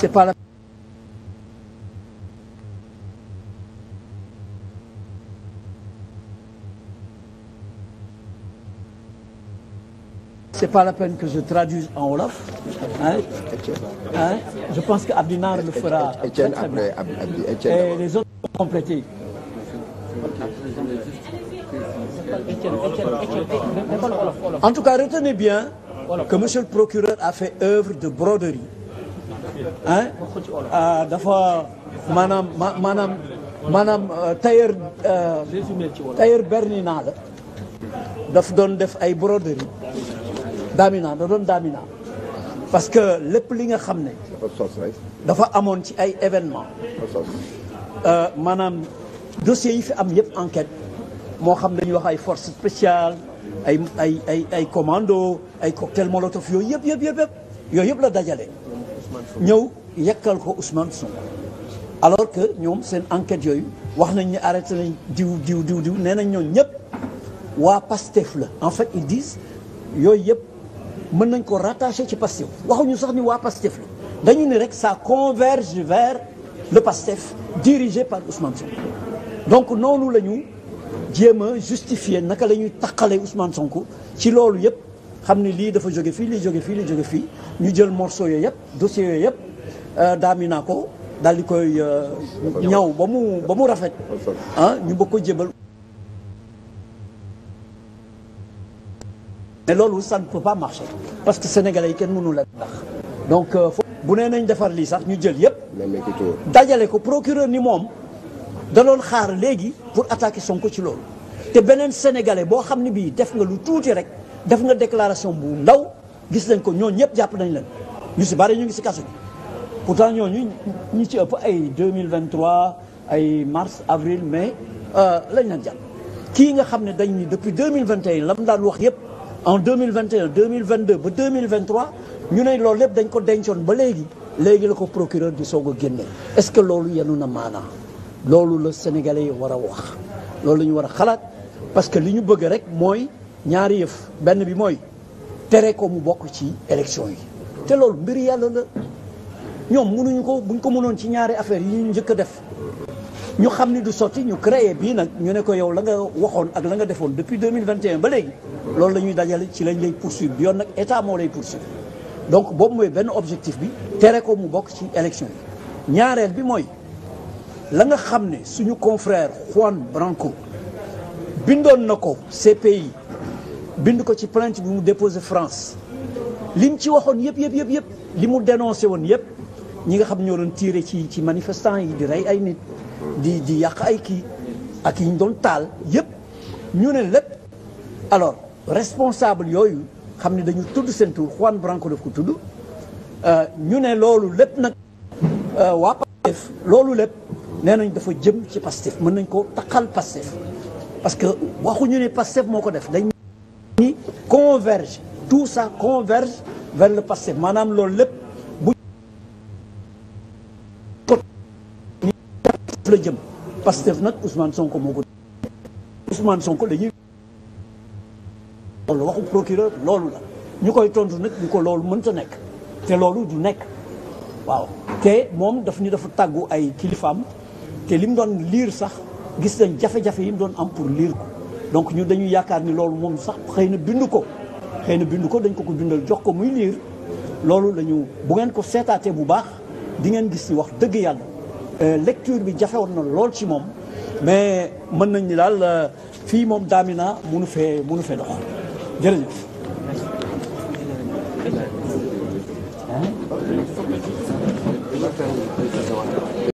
C'est pas la C'est pas la peine que je traduise en Wolof. Je pense que Abdinar le fera. Etienne après Abdi. Et les autres vont compléter. En tout cas, retenez bien que monsieur le procureur a fait œuvre de broderie. ah dafa maanaam maanaam maanaam euh, tailleur euh, tailleur berninaa la daf doon def ay broderie daamina da doon parce que lépp li nga xam ne dafa amoon ci ay événement euh, maanaam dossiers yi fi am yëpp enquête moo xam dañuy wax ay forces spéciales ay ay ay ay commando ay cocktail molotov yooyu yëpp yëpp yëpp yëpp yooyu yëpp la dajale ñëw yekkal ko Ousmane alors que ñoom seen enquête yooyu wax nañ ni arrêté nañ diw diw diw diw nee nañ ñoom ñëpp waa Pastef la en fait ils disent yooyu yëpp mën nañ ko rattaché ci Pastef waxuñu sax ni waa Pastef la dañu ni rek ça converge vers le Pastef dirigé par Ousmane Sonko donc noonu la ñu jéem a justifier naka la ñuy taqalee Ousmane Sonko ci loolu yëpp xam ni lii dafa jóge fii lii jóge fii lii jóge fii ñu jël morso yooyu yëpp dossier yooyu yëpp euh, daami naa ko daal di koy euh, ñaw ba mu ba mu rafet ah, ñu bëgg ko jébal mais loolu ça ne peut pas marcher parce que sénégalais yi kenn mënu la tax donc euh, bu nee nañ defar lii sax ñu jël yëpp dajale ko procureur ni moom daloon xaar léegi pour attaquer Sonko ci loolu te beneen sénégalais boo xam ne bii def nga lu tuuti rek def nga déclaration bu ndaw gis nañ ko ñoo ñëpp jàpp nañ leen ñu si bari ñu ngi si kaso bi pourtant ñooñu ñi ci ëpp ay 2023 ay mars avril mai euh, lañ leen jàpp kii nga xam ne dañ ni depuis 2021 la mu daan wax yëpp en 2021 2022 ba 2023 ñu ne loolu lépp dañ ko dencoon ba léegi léegi la ko procureur di soog a génne est-ce que loolu yenu na maanaa loolu la sénégalais yi war a wax loolu la ñu war a xalaat parce que li ñu bëgg rek mooy ñaari yëf benn bi mooy tere ko mu bokk ci élection yi te loolu mbir yàlla la ñoom mënuñu ko buñ ko mënoon ci ñaari affaire yi ñu njëkk a def ñu xam ni du sotti ñu créer bii nag ñu ne ko yow la nga waxoon ak la nga defoon depuis 2021 ba léegi loolu la dajale ci lañ lay poursuivre bi yoon nag état moo lay poursuivre donc boobu mooy benn objectif bi tere ko mu bokk ci élection yi ñaareel bi mooy la nga xam ne suñu confrère Juan Branco bindoon na ko CPI bind ko ci plainte bi mu déposé France lim ci waxoon yëpp yëpp yëpp yëpp li mu dénoncé woon yëpp ñi nga xam ñoo doon tiire ci ci manifestant yi di rey ay nit di di yàq ay kii ak yi ñu doon taal yëpp ñu ne lépp alors responsable yooyu xam ne dañu tudd seen tur Juan Branco daf ko tudd euh, ñu ne loolu lépp nag euh, waa Pastef loolu lépp nee nañ dafa jëm ci Pastef mën nañ ko taqal Pastef parce que waxu waxuñu ne Pastef moo ko def dañ converge tout ça converge vers le passé maanaam loolu lépp bu la jëm Pastef nag Ousmane Sonko moo ko Ousmane Sonko dañuy loolu waxu procureur loolu la ñu koy tontu nag ñu ko loolu mënta nekk te loolu du nekk waaw te moom daf ñu dafa tàggu ay kilifaam te li mu doon liir sax gis nañ jafe-jafe yi mu doon am pour liir ko donc ñun dañuy yaakaar ni loolu moom sax xëy na bind ko xëy na bind ko dañ ko ko bindal jox ko muy liir loolu la ñu bu ngeen ko seetaatee bu baax di ngeen gis ni wax dëgg yàlla euh, lecture bi jafewoon na lool ci moom mais mën nañ ni daal euh, fii moom daamina munu fee munu fee dox jërëjëf